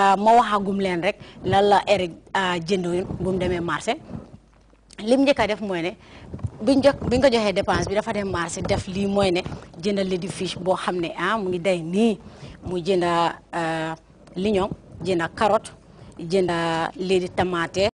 Euh, ma waxagum leen rek lan la Eric euh, jëndoon bu mu demee marché lim njëkk def mooy ne biñ jox biñ ko joxee dépense bi dafa dem marché def lii mooy ne jënd lidi fish boo xam ne ah mu ngi day nii mu jënd euh, liñoom jënd karot jënd lidi tomate